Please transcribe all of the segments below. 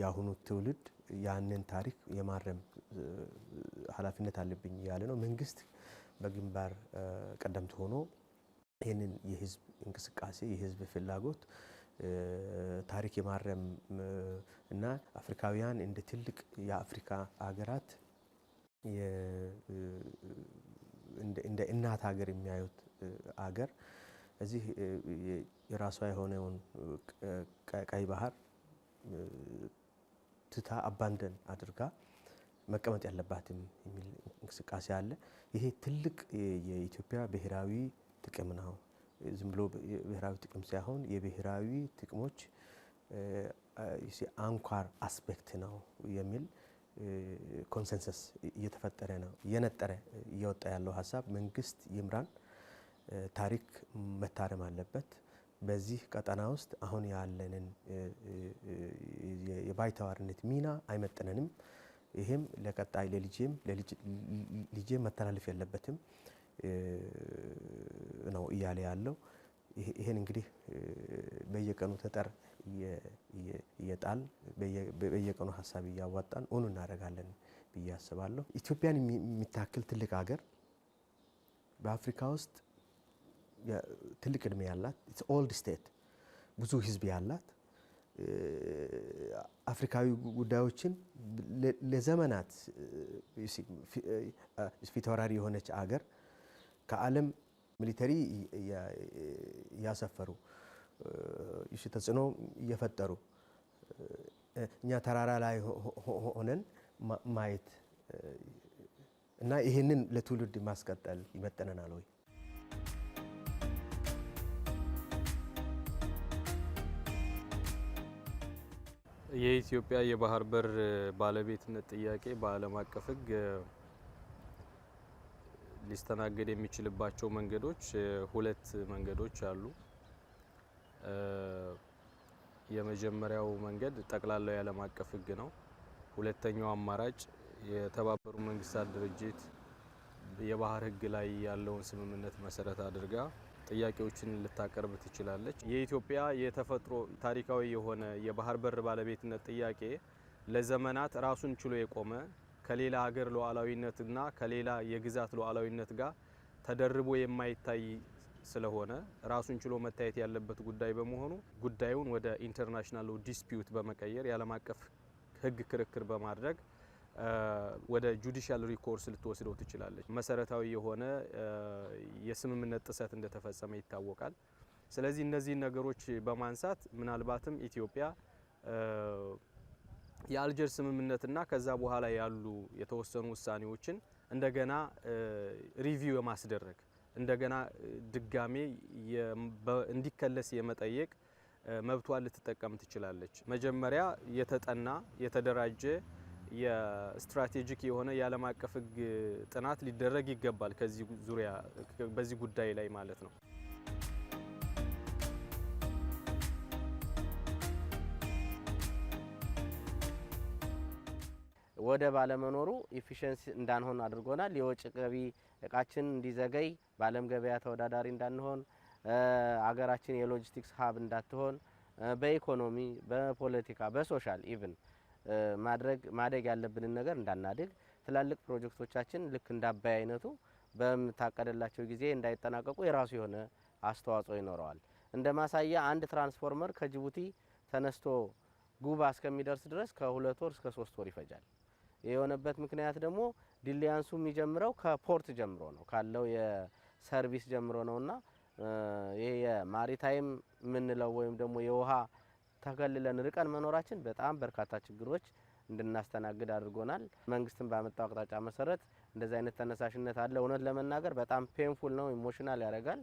የአሁኑ ትውልድ ያንን ታሪክ የማረም ኃላፊነት አለብኝ እያለ ነው። መንግስት በግንባር ቀደምት ሆኖ ይህንን የህዝብ እንቅስቃሴ የህዝብ ፍላጎት ታሪክ የማረም እና አፍሪካውያን እንደ ትልቅ የአፍሪካ ሀገራት እንደ እናት ሀገር የሚያዩት አገር እዚህ የራሷ የሆነውን ቀይ ባህር ትታ አባንደን አድርጋ መቀመጥ ያለባትም የሚል እንቅስቃሴ አለ። ይሄ ትልቅ የኢትዮጵያ ብሔራዊ ጥቅም ነው። ዝም ብሎ ብሔራዊ ጥቅም ሳይሆን የብሔራዊ ጥቅሞች አንኳር አስፔክት ነው የሚል ኮንሰንሰስ እየተፈጠረ ነው። እየነጠረ እየወጣ ያለው ሀሳብ መንግስት ይምራን፣ ታሪክ መታረም አለበት። በዚህ ቀጠና ውስጥ አሁን ያለንን የባይተዋርነት ሚና አይመጥነንም። ይህም ለቀጣይ ለልጄም ልጄም መተላለፍ የለበትም ነው እያለ ያለው። ይህን እንግዲህ በየቀኑ ተጠር እየጣል በየቀኑ ሀሳብ እያዋጣን ሆኑ እናደርጋለን ብዬ አስባለሁ። ኢትዮጵያን የሚታክል ትልቅ ሀገር በአፍሪካ ውስጥ ትልቅ እድሜ ያላት ኦልድ ስቴት ብዙ ህዝብ ያላት አፍሪካዊ ጉዳዮችን ለዘመናት ፊታውራሪ የሆነች አገር ከዓለም ሚሊተሪ እያሰፈሩ ተጽዕኖ እየፈጠሩ እኛ ተራራ ላይ ሆነን ማየት እና ይህንን ለትውልድ ማስቀጠል ይመጠነናል ወይ? የኢትዮጵያ የባህር በር ባለቤትነት ጥያቄ በዓለም አቀፍ ሕግ ሊስተናገድ የሚችልባቸው መንገዶች ሁለት መንገዶች አሉ። የመጀመሪያው መንገድ ጠቅላላው የዓለም አቀፍ ሕግ ነው። ሁለተኛው አማራጭ የተባበሩ መንግስታት ድርጅት የባህር ሕግ ላይ ያለውን ስምምነት መሰረት አድርጋ ጥያቄዎችን ልታቀርብ ትችላለች። የኢትዮጵያ የተፈጥሮ ታሪካዊ የሆነ የባህር በር ባለቤትነት ጥያቄ ለዘመናት ራሱን ችሎ የቆመ ከሌላ ሀገር ሉዓላዊነትና ከሌላ የግዛት ሉዓላዊነት ጋር ተደርቦ የማይታይ ስለሆነ ራሱን ችሎ መታየት ያለበት ጉዳይ በመሆኑ ጉዳዩን ወደ ኢንተርናሽናል ዲስፒዩት በመቀየር የዓለም አቀፍ ሕግ ክርክር በማድረግ ወደ ጁዲሻል ሪኮርስ ልትወስደው ትችላለች። መሰረታዊ የሆነ የስምምነት ጥሰት እንደተፈጸመ ይታወቃል። ስለዚህ እነዚህን ነገሮች በማንሳት ምናልባትም ኢትዮጵያ የአልጀር ስምምነትና ከዛ በኋላ ያሉ የተወሰኑ ውሳኔዎችን እንደገና ሪቪው የማስደረግ እንደገና ድጋሜ እንዲከለስ የመጠየቅ መብቷን ልትጠቀም ትችላለች። መጀመሪያ የተጠና የተደራጀ የስትራቴጂክ የሆነ የዓለም አቀፍ ሕግ ጥናት ሊደረግ ይገባል ከዚህ ዙሪያ በዚህ ጉዳይ ላይ ማለት ነው። ወደ ባለመኖሩ ኢፊሽንሲ እንዳንሆን አድርጎናል። የወጭ ገቢ እቃችን እንዲዘገይ፣ በአለም ገበያ ተወዳዳሪ እንዳንሆን፣ አገራችን የሎጂስቲክስ ሀብ እንዳትሆን በኢኮኖሚ በፖለቲካ በሶሻል ኢቭን ማድረግ ማደግ ያለብንን ነገር እንዳናድግ ትላልቅ ፕሮጀክቶቻችን ልክ እንደ አባይ አይነቱ በምታቀደላቸው ጊዜ እንዳይጠናቀቁ የራሱ የሆነ አስተዋጽኦ ይኖረዋል። እንደ ማሳያ አንድ ትራንስፎርመር ከጅቡቲ ተነስቶ ጉባ እስከሚደርስ ድረስ ከሁለት ወር እስከ ሶስት ወር ይፈጃል። የሆነበት ምክንያት ደግሞ ዲሊያንሱ የሚጀምረው ከፖርት ጀምሮ ነው ካለው የሰርቪስ ጀምሮ ነውና ይሄ የማሪታይም የምንለው ወይም ደግሞ የውሃ ተከልለን ርቀን መኖራችን በጣም በርካታ ችግሮች እንድናስተናግድ አድርጎናል። መንግስትም ባመጣው አቅጣጫ መሰረት እንደዚህ አይነት ተነሳሽነት አለ። እውነት ለመናገር በጣም ፔንፉል ነው፣ ኢሞሽናል ያደርጋል።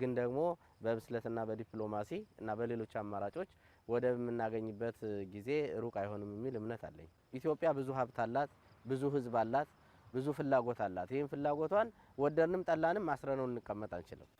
ግን ደግሞ በብስለትና በዲፕሎማሲ እና በሌሎች አማራጮች ወደብ የምናገኝበት ጊዜ ሩቅ አይሆንም የሚል እምነት አለኝ። ኢትዮጵያ ብዙ ሀብት አላት፣ ብዙ ህዝብ አላት፣ ብዙ ፍላጎት አላት። ይህም ፍላጎቷን ወደድንም ጠላንም አስረነው እንቀመጥ አንችልም።